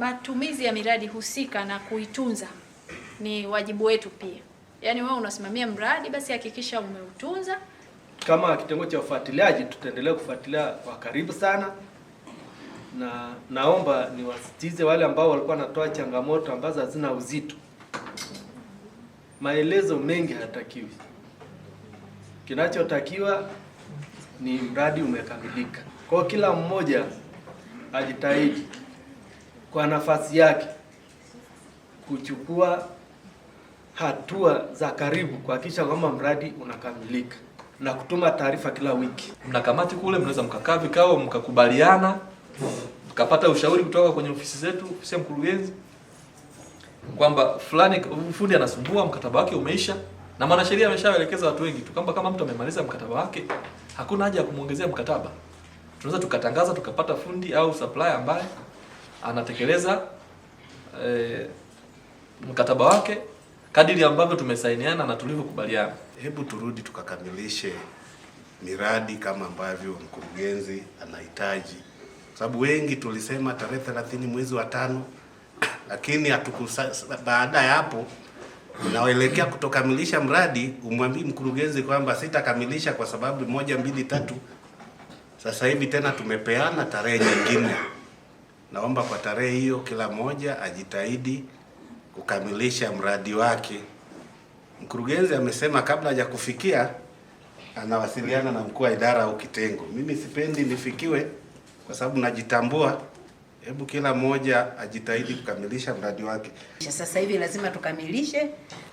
Matumizi ya miradi husika na kuitunza ni wajibu wetu pia. Yaani wewe unasimamia mradi, basi hakikisha umeutunza. Kama kitengo cha ufuatiliaji, tutaendelea kufuatilia kwa karibu sana, na naomba niwasitize wale ambao walikuwa wanatoa changamoto ambazo hazina uzito, maelezo mengi hayatakiwi. Kinachotakiwa ni mradi umekamilika. Kwa kila mmoja ajitahidi kwa nafasi yake kuchukua hatua za karibu kuhakikisha kwamba mradi unakamilika na kutuma taarifa kila wiki. Mna kamati kule, mnaweza mkakaa vikao mkakubaliana, mkapata ushauri kutoka kwenye ofisi zetu, ofisi ya mkurugenzi kwamba fulani fundi anasumbua, mkataba wake umeisha, na mwanasheria ameshaelekeza watu wengi tu kwamba kama mtu amemaliza mkataba wake hakuna haja ya kumwongezea mkataba. Tunaweza tukatangaza tukapata fundi au supplier ambaye anatekeleza e, mkataba wake kadiri ambavyo tumesainiana na tulivyokubaliana. Hebu turudi tukakamilishe miradi kama ambavyo mkurugenzi anahitaji, sababu wengi tulisema tarehe 30 mwezi wa tano, lakini hatukusa. Baada ya hapo naelekea kutokamilisha mradi, umwambie mkurugenzi kwamba sitakamilisha kwa sababu moja, mbili, tatu. Sasa hivi tena tumepeana tarehe nyingine naomba kwa tarehe hiyo kila mmoja ajitahidi kukamilisha mradi wake. Mkurugenzi amesema kabla ya kufikia anawasiliana na mkuu wa idara au kitengo. Mimi sipendi nifikiwe kwa sababu najitambua. Hebu kila mmoja ajitahidi kukamilisha mradi wake. Sasa hivi lazima tukamilishe,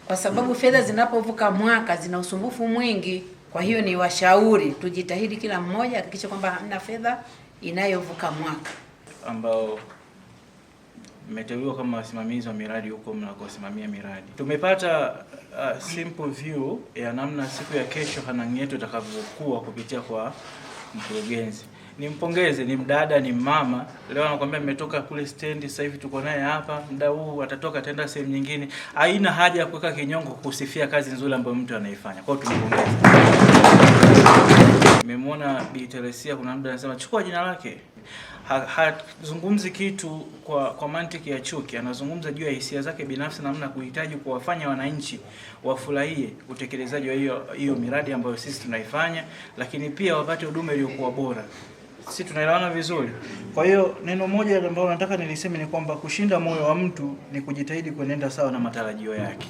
kwa sababu fedha zinapovuka mwaka zina usumbufu mwingi. Kwa hiyo ni washauri tujitahidi, kila mmoja hakikisha kwamba hamna fedha inayovuka mwaka ambao mmeteuliwa kama wasimamizi wa miradi huko mnakosimamia miradi. Tumepata uh, simple view ya namna siku ya kesho Hanang' yetu itakavyokuwa kupitia kwa mkurugenzi. Nimpongeze, ni mdada, ni mama. Leo anakuambia mmetoka kule stendi, sasa hivi tuko naye hapa, muda huu atatoka ataenda sehemu nyingine. Haina haja ya kuweka kinyongo kusifia kazi nzuri ambayo mtu anaifanya. Kwao tumpongeze. Nimemwona Bi Teresia, kuna mdada anasema chukua jina lake hazungumzi ha, kitu kwa, kwa mantiki ya chuki. Anazungumza juu ya hisia zake binafsi, namna kuhitaji kuwafanya wananchi wafurahie utekelezaji wa hiyo hiyo miradi ambayo sisi tunaifanya, lakini pia wapate huduma iliyokuwa bora. Sisi tunaelewana vizuri? Kwa hiyo neno moja ambalo nataka niliseme ni kwamba kushinda moyo wa mtu ni kujitahidi kuenenda sawa na matarajio yake.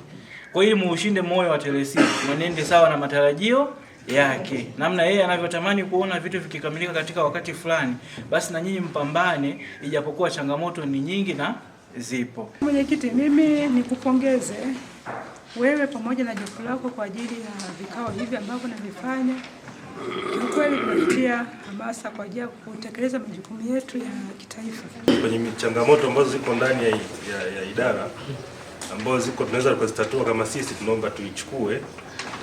Kwa hiyo muushinde moyo wa Telesia, mwenende sawa na matarajio yake namna yeye anavyotamani kuona vitu vikikamilika katika wakati fulani, basi na nyinyi mpambane, ijapokuwa changamoto ni nyingi na zipo. Mwenyekiti, mimi nikupongeze wewe pamoja na jopo lako kwa ajili ya vikao hivi ambavyo navifanya. Kweli kunatia hamasa kwa ajili ya kutekeleza majukumu yetu ya kitaifa kwenye changamoto ambazo ziko ndani ya, ya, ya idara ambazo ziko tunaweza kuzitatua kama sisi, tunaomba tuichukue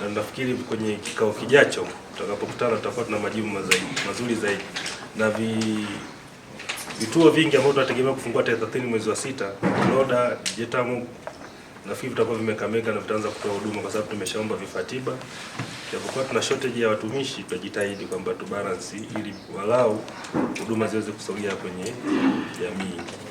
na nafikiri kwenye kikao kijacho tutakapokutana tutakuwa tuna majibu mazuri zaidi, na vi, vituo vingi ambavyo tunategemea kufungua tarehe 30 mwezi wa sita, Loda Jetamu, nafikiri vitakuwa vimekamilika na vitaanza kutoa huduma, kwa sababu tumeshaomba vifaa tiba. Japokuwa tuna shortage ya watumishi, tutajitahidi kwamba tubalansi ili walau huduma ziweze kusogea kwenye jamii.